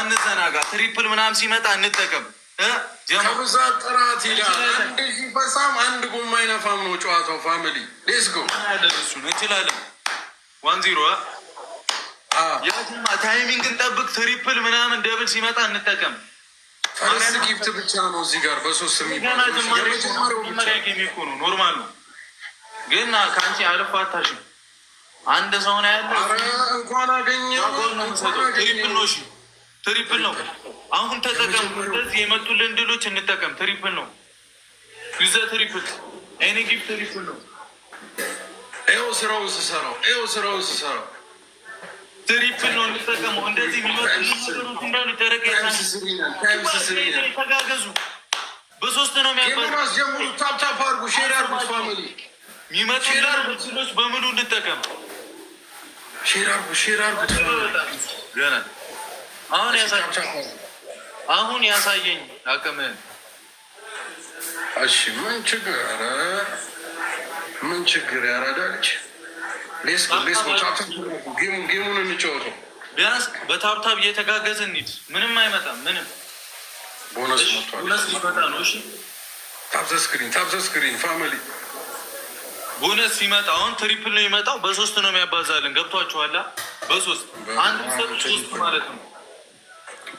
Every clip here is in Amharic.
አንዘናጋ። ትሪፕል ምናምን ሲመጣ እንጠቀም። ከብዛት ጥራት ይላል። አንድ አንድ ጎማ አይነፋም ነው ጨዋታው። ፋሚሊ እንችላለን። ዋን ዚሮ እንጠብቅ። ትሪፕል ምናምን ደብል ሲመጣ እንጠቀም። ፈርስት ጊፍት ብቻ ነው እዚህ ጋር በሶስት የሚባለው ኖርማል ነው፣ ግን ከአንቺ አልፎ አታሽም አንድ ሰው ነው ያለው። እንኳን አገኘው ትሪፕል ትሪፕል ነው። አሁን ተጠቀም። እንደዚህ የመጡልን ድሎች እንጠቀም። ትሪፕል ነው። ዩዘ ትሪፕል ኤኒ ጊፍ ትሪፕል ነው። ይኸው ስራው ስሰራው፣ ይኸው ስራው ስሰራው ትሪፕል ነው እንጠቀመው። እንደዚህ የሚመጡት እንዳሉ ደረቀ ተጋገዙ። በሶስት ነው የሚያባጀምሩ ታፕታፕ አርጉ፣ ሼር አርጉ፣ ፋሚሊ ሚመጡ ዳር በሙሉ እንጠቀም። ሼር አሁን ያሳየኝ አቅምህን። እሺ ምን ችግር ኧረ ምን ችግር ያራዳለች። ጌሙን እንጫወተው ቢያንስ በታብታብ እየተጋገዝ እንሂድ። ምንም አይመጣም። ምንም ቦነስ መጥቷል። ታብዘ ስክሪን ታብዘ ስክሪን ፋሚሊ ቦነስ ሲመጣ አሁን ትሪፕል ነው የሚመጣው። በሶስት ነው የሚያባዛልን። ገብቷችኋል? በሶስት አንድ ሰጡ ሶስት ማለት ነው።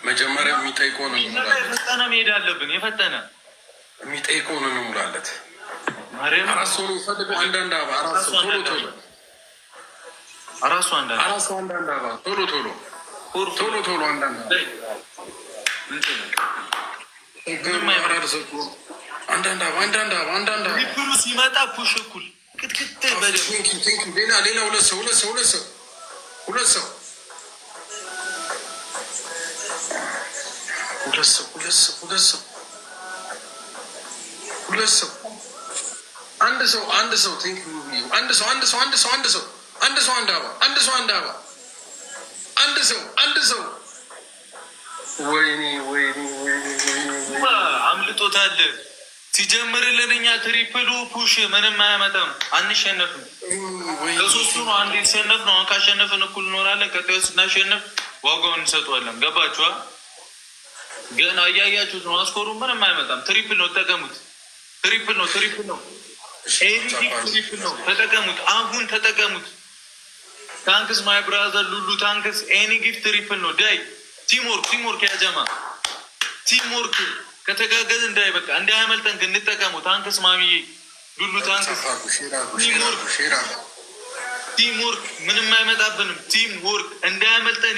መጀመሪያ የሚጠይቀው ነው የፈጠነ መሄድ አለብን። የፈጠነ የሚጠይቀው ነው እንሙላለት። አራሱ ሰው ነው አንዳንድ አባ ቶሎ ቶሎ አንዳንድ አባ አንዳንድ አባ አንዳንድ አንዳንድ ሲመጣ ፑሽ እኩል ክትክት ሌላ ሌላ ሁለት ሰው ሁለት ሰው ሁለት ሰው ሁለት ሰው ሁለት ሰው ሁለት ሰው ሁለት ሰው ሁለት ሰው አንድ ሰው አንድ ሰው አንድ ሰው አንድ ሰው አንድ ሰው አንድ ሰው አንድ ሰው አንድ አባ አንድ ሰው አንድ አባ አንድ ሰው አንድ ሰው ወይኔ ወይኔ ወይኔ አምልጦታል። ሲጀምርልን እኛ ትሪፕሉ ፑሽ ምንም አያመጣም፣ አንሸነፍም። ከሶስቱ ነው አንድ የተሸነፍ ነው። ካሸነፍን እኩል እኖራለን። ቀጣዩ ስናሸንፍ ዋጋው እንሰጠዋለን። ገባችኋ? ግን አያያችሁት ነው። አስኮሩ ምንም አያመጣም። ትሪፕል ነው፣ ተጠቀሙት። ትሪፕል ነው፣ ትሪፕል ነው፣ ትሪፕል ነው። ተጠቀሙት፣ አሁን ተጠቀሙት። ታንክስ ማይ ብራዘር ሉሉ፣ ታንክስ ኤኒ ጊፍት ትሪፕል ነው። ዳይ ቲሞርክ ቲሞርክ ያጀማ ቲሞርክ ከተጋገዝ እንዳይበቃ እንዳያመልጠን እንጠቀሙ። ታንክስ ስማሚ ዱሉ ታንክስ ቲም ወርክ ምንም አይመጣብንም። ቲም ወርክ እንዳያመልጠን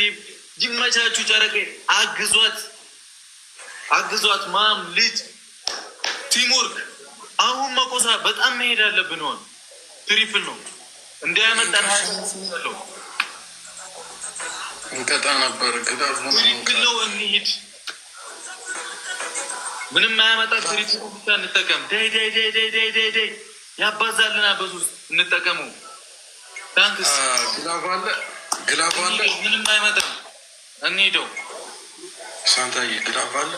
ይመቻችሁ። ጨረቀ አግዟት፣ አግዟት ማም ልጅ ቲም ወርክ። አሁን መቆሳ በጣም መሄድ አለብን። ሆን ትሪፕል ነው እንዳያመልጠን እንቀጣ ነበር ግዳ ነው እንሂድ ምንም አያመጣ ትሪቱ ብቻ እንጠቀም። ደይ ያባዛልና በሱ እንጠቀመው። ታንክስ ግላባለ ግላባለ ምንም አይመጣም። እንሂደው ሳንታዬ ግላባለ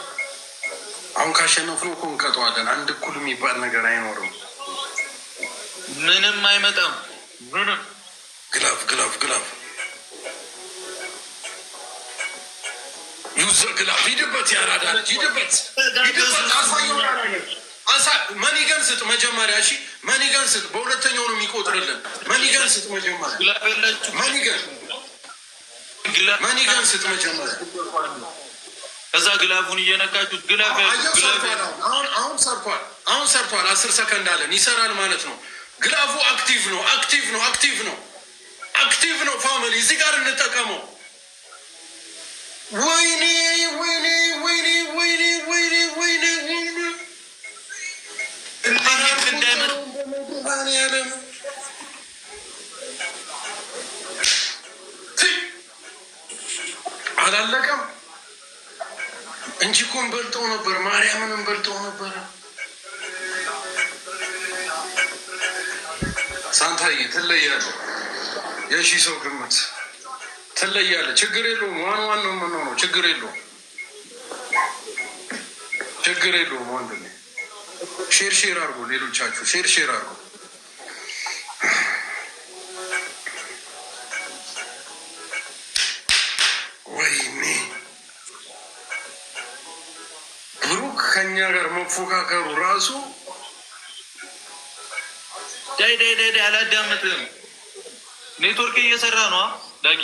አሁን ካሸነፍነው እኮ እንቀጠዋለን። አንድ እኩል የሚባል ነገር አይኖርም። ምንም አይመጣም። ምንም ግላፍ ግላፍ ግላፍ ግላ ሂድበት፣ ያራዳል፣ ሂድበት፣ ሂድበት። መኒገን ስጥ መጀመሪያ። እሺ መኒገን ስጥ፣ በሁለተኛው ነው የሚቆጥርልን። መኒገን ስጥ መጀመሪያ፣ መኒገን ስጥ መጀመሪያ። ከዛ ግላቡን እየነካችሁት ግላብ። አሁን አሁን ሰርቷል፣ አሁን ሰርቷል። አስር ሰከንድ አለን፣ ይሰራል ማለት ነው። ግላቡ አክቲቭ ነው፣ አክቲቭ ነው፣ አክቲቭ ነው፣ አክቲቭ ነው። ፋሚሊ እዚህ ጋር እንጠቀመው። ወይኔ ወይኔ አላለቀም እንጂ ነበር፣ ማርያምን እንበልጠው ነበረ። ሳንታዬ ትለያለህ ሰው ግምት ትለያለ። ችግር የለውም። ዋን ዋን ነው ምን ነው ችግር የለውም። ችግር የለውም። ወንድ ሼር ሼር አርጎ ሌሎቻችሁ ሼር ሼር አርጎ ከኛ ጋር መፎካከሩ ራሱ ዳይ ዳይ ዳይ አላዳምጥም። ኔትወርክ እየሰራ ነው ዳጊ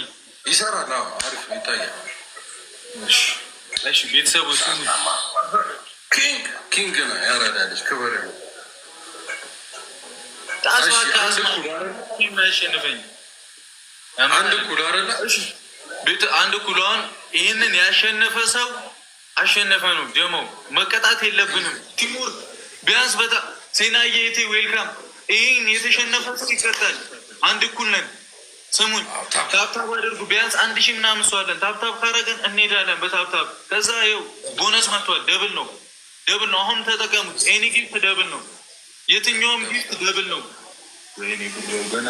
ይሰራል። አሪፍ ይታያል። ቤተሰቡ ኪንግ ኪንግ ነው። ያረዳለች ክብር አንድ ኩል አረላ ቤት አንድ ኩሏን ይህንን ያሸነፈ ሰው አሸነፈ ነው። ጀሞ መቀጣት የለብንም። ቲሙር ቢያንስ በጣም ሴናዬ ቴ ዌልካም ይህን የተሸነፈ ሰው ይቀጣል። አንድ ኩል ነን ስሙኝ ታብታብ አድርጉ። ቢያንስ አንድ ሺህ ምናምን ሰው አለን። ታብታብ ካረገን እንሄዳለን በታብታብ ከዛ ይኸው ቦነስ መጥቷል። ደብል ነው ደብል ነው። አሁን ተጠቀሙት። ኤኒ ጊፍት ደብል ነው። የትኛውም ጊፍት ደብል ነው። ደብል ነው ደብል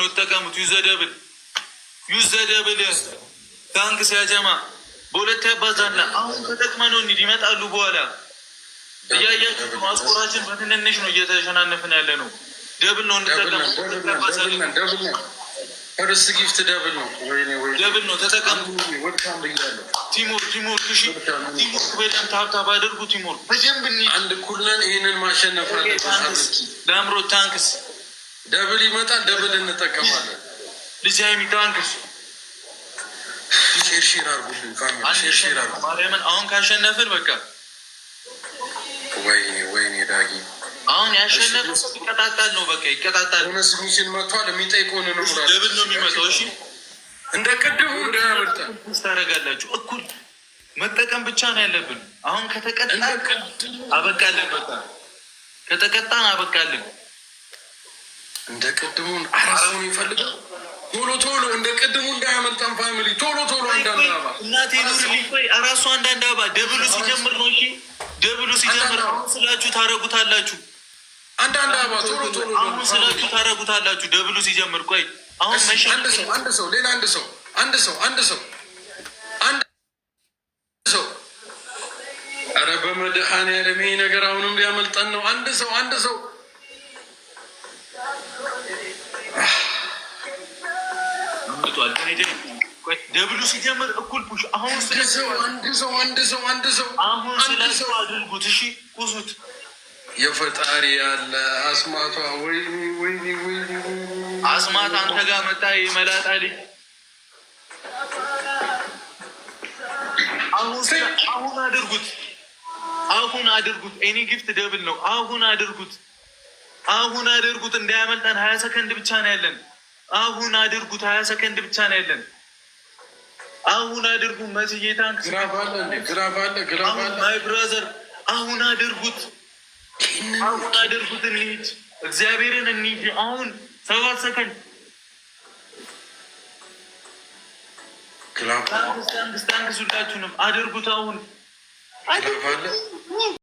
ነው። ተጠቀሙት። ዩዘ ደብል ዩዘ ደብል ታንክ ሲያጀማ በሁለት ያባዛና አሁን ተጠቅመነው እንሂድ። ይመጣሉ በኋላ እያያችሁ ማስቆራችን በትንንሽ ነው እየተሸናነፍን ያለ ነው። ደብል ነው ርስ ጊፍት ደብል ነው ደብል ነው ተጠቀሙ። ቲሞር ቲሞር ሺ ቲሞር በጣም ታብታብ አድርጉ። ቲሞር በደንብ አንድ ኩለን ይህንን ማሸነፍ ለአምሮ ታንክስ ደብል ይመጣል። ደብል እንጠቀማለን። ልጅ ሀይሚ ታንክስ ሼርሼር አርጉ። አሁን ካሸነፍን በቃ አሁን ያሸነፈ ሰው ይቀጣጣል ነው በቃ ይቀጣጣል። እነሱ ሚሲል መጥቷል። የሚጠይቀውን ነው ደብል ነው የሚመጣው። እሺ እንደ ቅድሙ እንዳያመልጣ ታደርጋላችሁ። እኩል መጠቀም ብቻ ነው ያለብን። አሁን ከተቀጣን አበቃልን፣ በቃ ከተቀጣን አበቃልን። እንደ ቅድሙ አራሱን ይፈልጋል። ቶሎ ቶሎ እንደ ቅድሙ እንዳያመልጣን ፋሚሊ ቶሎ ቶሎ እንዳንዳባ አባ እናቴ ኑር አራሱ አንዳንዳባ ደብሉ ሲጀምር ነው። እሺ ደብሉ ሲጀምር ስላችሁ ታረጉታላችሁ አንዳንድ አባ ቶሎ ቶሎ አሁን ስለቱ ታደርጉታላችሁ። ደብሉ ሲጀምር ቆይ አሁን መሸ አንድ ሰው አንድ ሰው ሌላ አንድ ሰው አንድ ሰው አንድ ሰው አንድ ሰው ኧረ በመድኃኒዓለም ይሄ ነገር አሁንም ሊያመልጠን ነው። አንድ ሰው አንድ ሰው ደብሉ ሲጀምር እኩል ፑሽ አሁን ስለሰው አንድ ሰው አንድ ሰው አንድ ሰው አሁን ስለሰው አድርጉት። እሺ ቁሱት የፈጣሪ ያለ አስማቷ ወይኒ ወይኒ ወይኒ አስማት አንተ ጋር መጣ መላጣ ልጅ አሁን አድርጉት አሁን አድርጉት ኤኒ ጊፍት ደብል ነው አሁን አድርጉት አሁን አድርጉት እንዳያመልጠን ሀያ ሰከንድ ብቻ ነው ያለን አሁን አድርጉት ሀያ ሰከንድ ብቻ ነው ያለን አሁን አድርጉ መስዬ ታንክስ ግራፍ አለ ግራፍ አለ ግራፍ አለ ማይ ብራዘር አሁን አድርጉት አሁን አድርጉት፣ እንሂድ፣ እግዚአብሔርን እንሂድ። አሁን ሰባት ሰከንድ ታንክስ፣ ታንክስ ሁላችሁንም አድርጉት አሁን